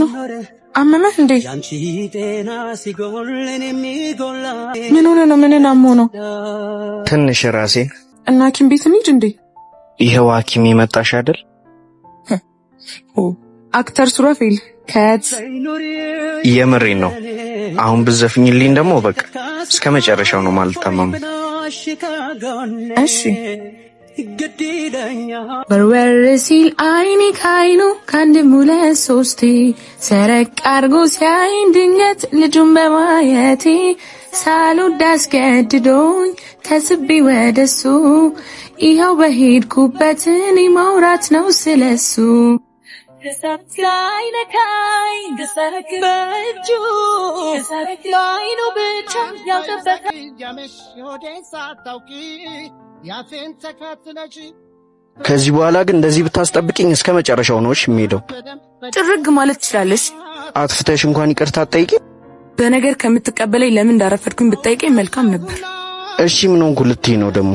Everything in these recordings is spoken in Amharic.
ነው? አመመህ እንዴ? ምን ሆነ ነው? ምንን አሞ ነው? ትንሽ ራሴ እና ሐኪም ቤት እንሂድ እንዴ? ይኸው ሐኪም የመጣሽ አይደል? አክተር ሱራፌል ከት የምሬን ነው። አሁን ብዘፍኝልኝ ደግሞ በቃ እስከ መጨረሻው ነው ማለት ታመሙ። እሺ በርበር ሲል አይኔ ካይኑ ከአንድም ሁለት ሶስቴ ሰረቅ አርጎ ሲያይን ድንገት ልጁን በማየቴ ሳልወድ አስገድዶኝ ተስቤ ወደሱ ይኸው በሄድኩበት እኔ ማውራት ነው ስለሱ ላይ ከዚህ በኋላ ግን እንደዚህ ብታስጠብቅኝ እስከ መጨረሻው ነውሽ የሚሄደው። ጥርግ ማለት ትችላለች አጥፍተሽ እንኳን ይቅርታ አትጠይቂ። በነገር ከምትቀበለኝ ለምን እንዳረፈድኩኝ ብጠይቀኝ መልካም ነበር። እሺ ምን ሆንኩ ልትይ ነው ደግሞ?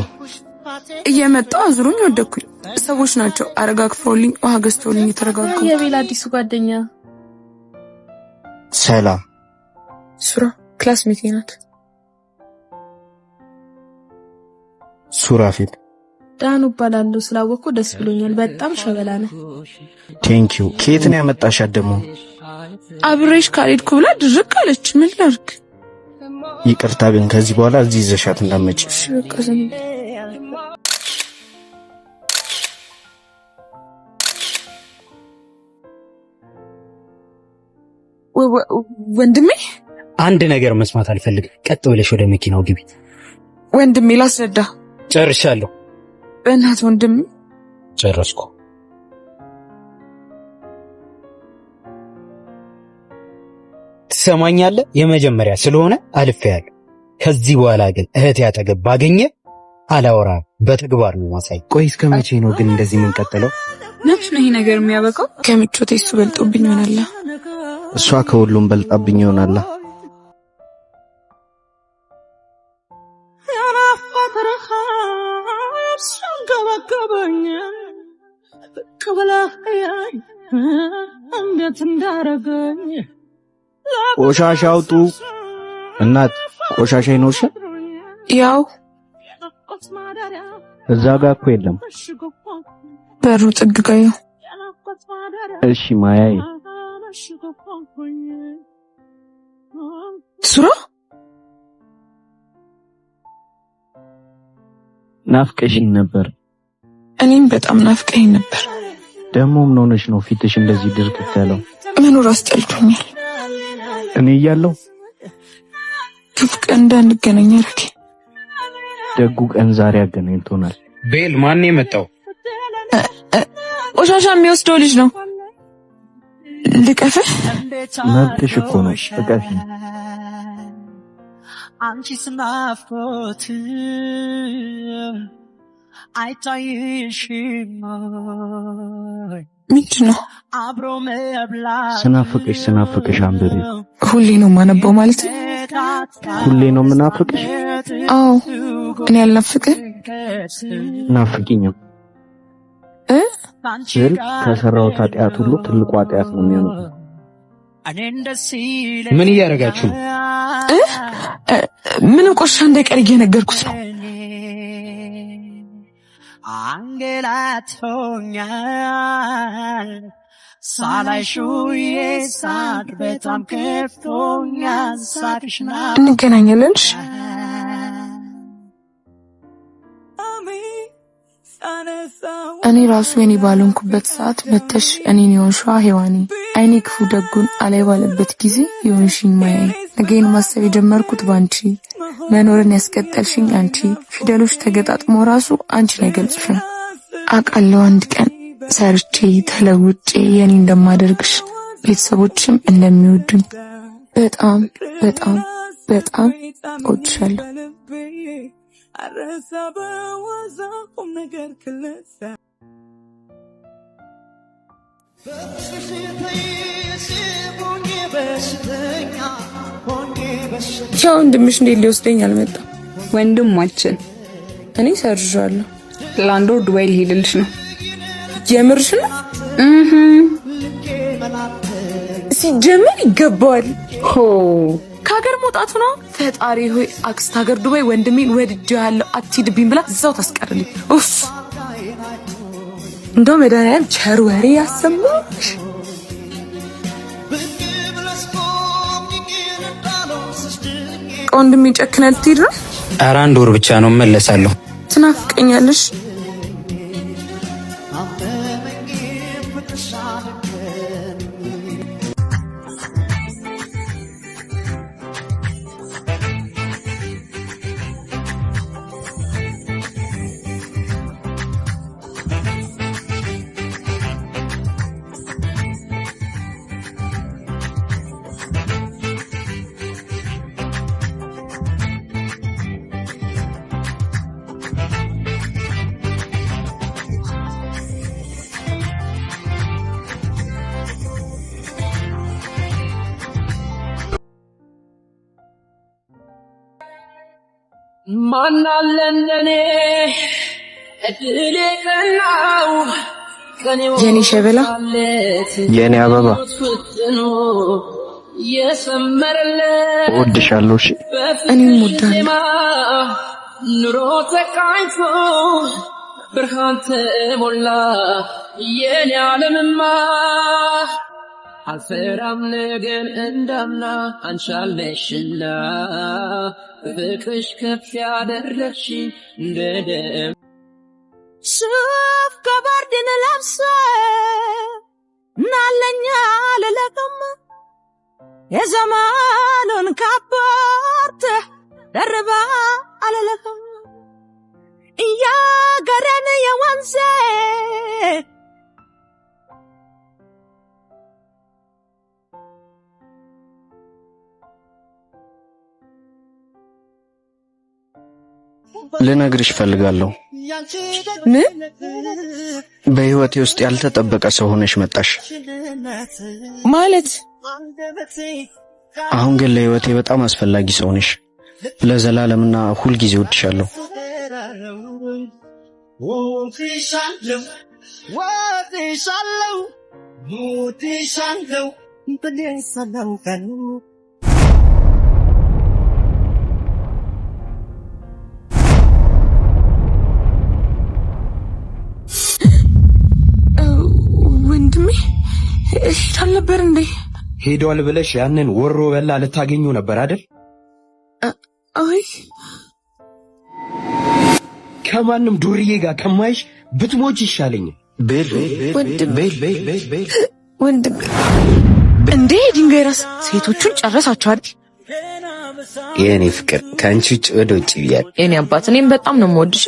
እየመጣው አዙሮኝ ወደኩኝ። ሰዎች ናቸው አረጋግፈውልኝ፣ ውሃ ገዝተውልኝ የተረጋጉ። የቤላ አዲሱ ጓደኛ ሰላም ሱራ ክላስ ሜቲናት። ናት። ሱራፊል ዳኑ እባላለሁ። ስላወቅኩ ደስ ብሎኛል። በጣም ሸበላ ነህ። ቴንኪው። ከየት ነው ያመጣሻት ደግሞ? አብሬሽ ካልሄድኩ ብላ ድርቅ አለች። ምን ላድርግ? ይቅርታ ግን ከዚህ በኋላ እዚህ ይዘሻት እንዳትመጪ። ወንድሜ አንድ ነገር መስማት አልፈልግም። ቀጥ ብለሽ ወደ መኪናው ግቢ። ወንድሜ ላስረዳ ጨርሻለሁ። በእናት ወንድም ጨረስኩ። ትሰማኛለ? የመጀመሪያ ስለሆነ አልፌያለሁ። ከዚህ በኋላ ግን እህት ያጠገብ ባገኘ አላወራ በተግባር ነው ማሳይ። ቆይ እስከ መቼ ነው ግን እንደዚህ የምንቀጥለው? ነፍስ ነው ይህ ነገር የሚያበቃው። ከምቾቴ እሱ በልጦብኝ ይሆናላ። እሷ ከሁሉም በልጣብኝ ይሆናላ። እንዴት እንዳረገኝ ቆሻሻ አውጡ። እናት ቆሻሻ ይኖርሽ? ያው እዛ ጋር እኮ የለም። በሩ ጥግ ጋ እሺ ማያይ ሱራ ናፍቀሽኝ ነበር። እኔም በጣም ናፍቀኝ ነበር። ደግሞ ምን ሆነሽ ነው ፊትሽ እንደዚህ ድርቅት ያለው? መኖር አስጠልቶኛል። እኔ እያለሁ ክፉ ቀን እንዳንገናኝ አደረገ። ደጉ ቀን ዛሬ አገናኝቶናል። ቤል ማን የመጣው? ቆሻሻ የሚወስደው ልጅ ነው። ልቀፍ መብትሽ እኮ ነው። ልቀፊ አንቺ አይታይሽም ምንድን ነው? አብሮ መብላት ስናፍቅሽ ስናፍቅሽ አንብቤ ሁሌ ነው ማነባው ማለት ነው። ሁሌ ነው ምናፍቅሽ? አዎ እኔ ያልናፍቅ ናፍቂኝም ስል ከሰራው ኃጢአት ሁሉ ትልቁ ኃጢአት ነው የሚሆነው። ምን እያደረጋችሁ ነው? ምንም ቆሻ እንደቀር እየነገርኩት ነው አንገላቶኛል ሳቅ በጣም ከፍቶኛል። እንገናኛለንሽ እኔ ራሱ የኔ ባልሆንኩበት ሰዓት መተሽ እኔን የሆንሽዋ ሔዋኔ አይኔ ክፉ ደጉን አላይ ባለበት ጊዜ የሆንሽኝ ማያ ነገን ማሰብ የጀመርኩት ባንቺ መኖርን ያስቀጠልሽኝ አንቺ ፊደሎች ተገጣጥሞ ራሱ አንቺን አይገልጽሽም። አቃለው አንድ ቀን ሰርቼ ተለውጬ የኔ እንደማደርግሽ ቤተሰቦችም እንደሚወዱኝ በጣም በጣም በጣም እወድሻለሁ። አረሳ በዋዛ ቁም ነገር ክለሳ ወንድምሽ እንዴት ሊወስደኝ አልመጣም? ወንድማችን እኔ ሰርዣለሁ። ለአንድ ወር ዱባይ ሊሄድልሽ ነው። የምርሽ ነው? ሲጀምር ይገባዋል። ከሀገር መውጣቱ ነው። ፈጣሪ ሆይ አክስት ሀገር ዱባይ ወንድሜን ወድጃ ያለው አትሂድብኝ ብላ እዛው ታስቀርልኝ። ኡፍ እንደው መድኃኒዓለም ቸር ወሬ ያሰማሽ። ወንድሜ ጨክነህ ልትሄድ አራንድ ወር ብቻ ነው መለሳለሁ። ትናፍቀኛለሽ ማናለንደኔ እድል ቀናው የኔ ሸበላ የኔ አበባ እወድሻለሁ። እሺ እኔም እወድሃለሁ። ኑሮ ተቃኝቶ ብርሃን ተሞላ የኔ ዓለምማ አልፈራም ነገር እንዳምና አንሻለሽና ፍቅርሽ ከፍ ያደረግሽ እንደ ደም ሱፍ ከበርድን ለብሰ ምናለኛ ልለቅም የዘመኑን ካፖርት ደርባ አልለቅም እያገረን የወንዜ ልነግርሽ እፈልጋለሁ። ምን? በህይወቴ ውስጥ ያልተጠበቀ ሰው ሆነሽ መጣሽ። ማለት አሁን ግን ለህይወቴ በጣም አስፈላጊ ሰው ነሽ። ለዘላለምና ሁልጊዜ እወድሻለሁ። ሻለው ወንድሜ ሄዳል ነበር እንዴ? ሄዷል ብለሽ ያንን ወሮ በላ ልታገኙ ነበር አይደል? አይ ከማንም ዱርዬ ጋር ከማይሽ ብትሞች ይሻለኝ። ወንድሜ እንዴ ድንጋይ ራስ ሴቶቹን ጨረሳቸው አይደል? የእኔ ፍቅር ከአንቺ ውጭ ወደ ውጭ ብያል። የኔ አባት እኔም በጣም ነው የምወድሽ።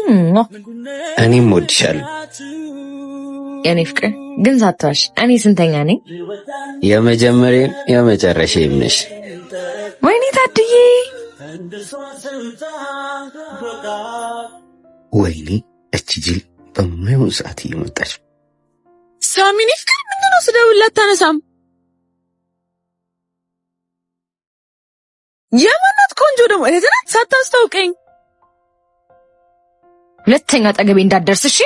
እኔም ወድሻለሁ። የኔ ፍቅር ግን ሳትዋሽ እኔ ስንተኛ ነኝ? የመጀመሪያም የመጨረሻም ነሽ። ወይኔ ታድዬ፣ ወይኔ እች ጅል በማይሆን ሰዓት እየመጣች ሳሚ። እኔ ፍቅር ምንድን ነው ስደውልላት አታነሳም? የማናት ቆንጆ ደግሞ እህት ናት፣ ሳታስታውቀኝ። ሁለተኛ አጠገቤ እንዳትደርስ እሺ።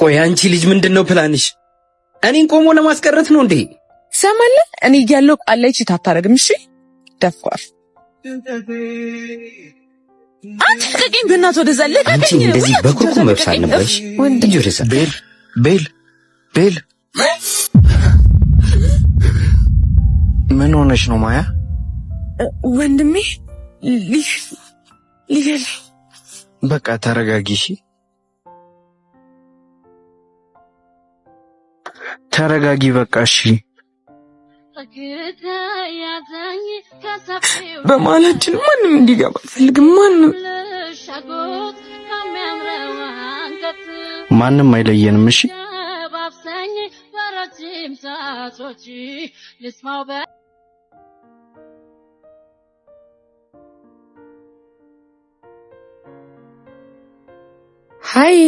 ቆይ አንቺ ልጅ ምንድን ነው ፕላንሽ? እኔን ቆሞ ለማስቀረት ነው እንዴ? ሰማለህ፣ እኔ እያለሁ ቃለች ታታረግም። እሺ ደፋር አትልቀቀኝ፣ በእናትህ ወደዛ ልቀቀኝ። እንደዚህ በኩርኩ መብሳል ነበርሽ እንጂ ወደዛ ቤል ቤል ቤል፣ ምን ሆነሽ ነው ማያ? ወንድሜ ሊ ሊገል በቃ ተረጋጊ። ተረጋጊ በቃ እሺ በመሀላችን ማንም እንዲገባ አልፈልግም። ማንም ማንም አይለየንም። እሺ ሀይ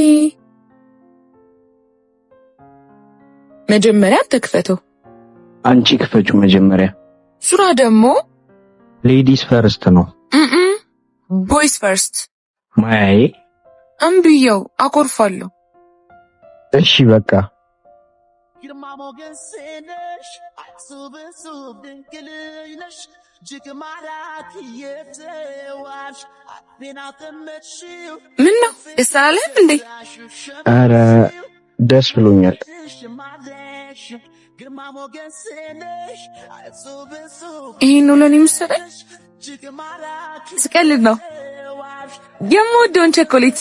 መጀመሪያ ተክፈተው። አንቺ ክፈቹ መጀመሪያ። ሱራ ደግሞ ሌዲስ ፈርስት ነው። ቦይስ ፈርስት። ማያዬ እምብየው አኮርፋለሁ። እሺ በቃ ግርማ ሞገስ ነሽ፣ ሱብ ሱብ ድንግል ነሽ፣ እጅግ ማራኪ የተዋብሽ ምን ነው ደስ አላለህም እንዴ? ኧረ ደስ ብሎኛል። ይህን ሁሉ እኔ የምትሰጠኝ ስቀልድ ነው። የምወደውን ቸኮሌት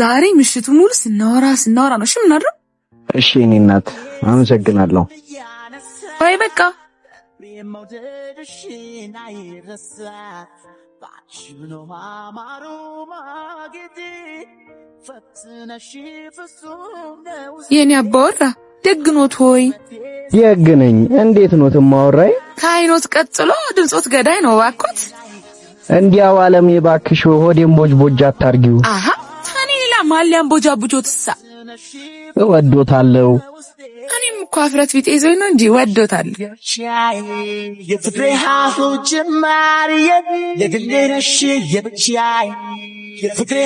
ዛሬ ምሽቱ ሙሉ ስናወራ ስናወራ ነው። እሺ፣ ምናድረው? እሺ፣ እኔ እናት አመሰግናለሁ። በቃ የኔ አባወራ ደግኖት ሆይ የግነኝ እንዴት ኖት ማወራይ ከአይኖት ቀጥሎ ድምጾት ገዳይ ነው ባኩት እንዲያው ዓለም የባክሽ ሆዴም ቦጅ ቦጅ አታርጊው አሃ እኔ ሌላ ማሊያም ቦጃ ቦጆትሳ እወዶታለሁ። እኔም እኮ አፍረት ቢጤ ይዞኝ ነው እንጂ እወዶታለሁ። የፍቅሬ ሀሁ የግሌ ነሽ የብቻዬ የፍቅሬ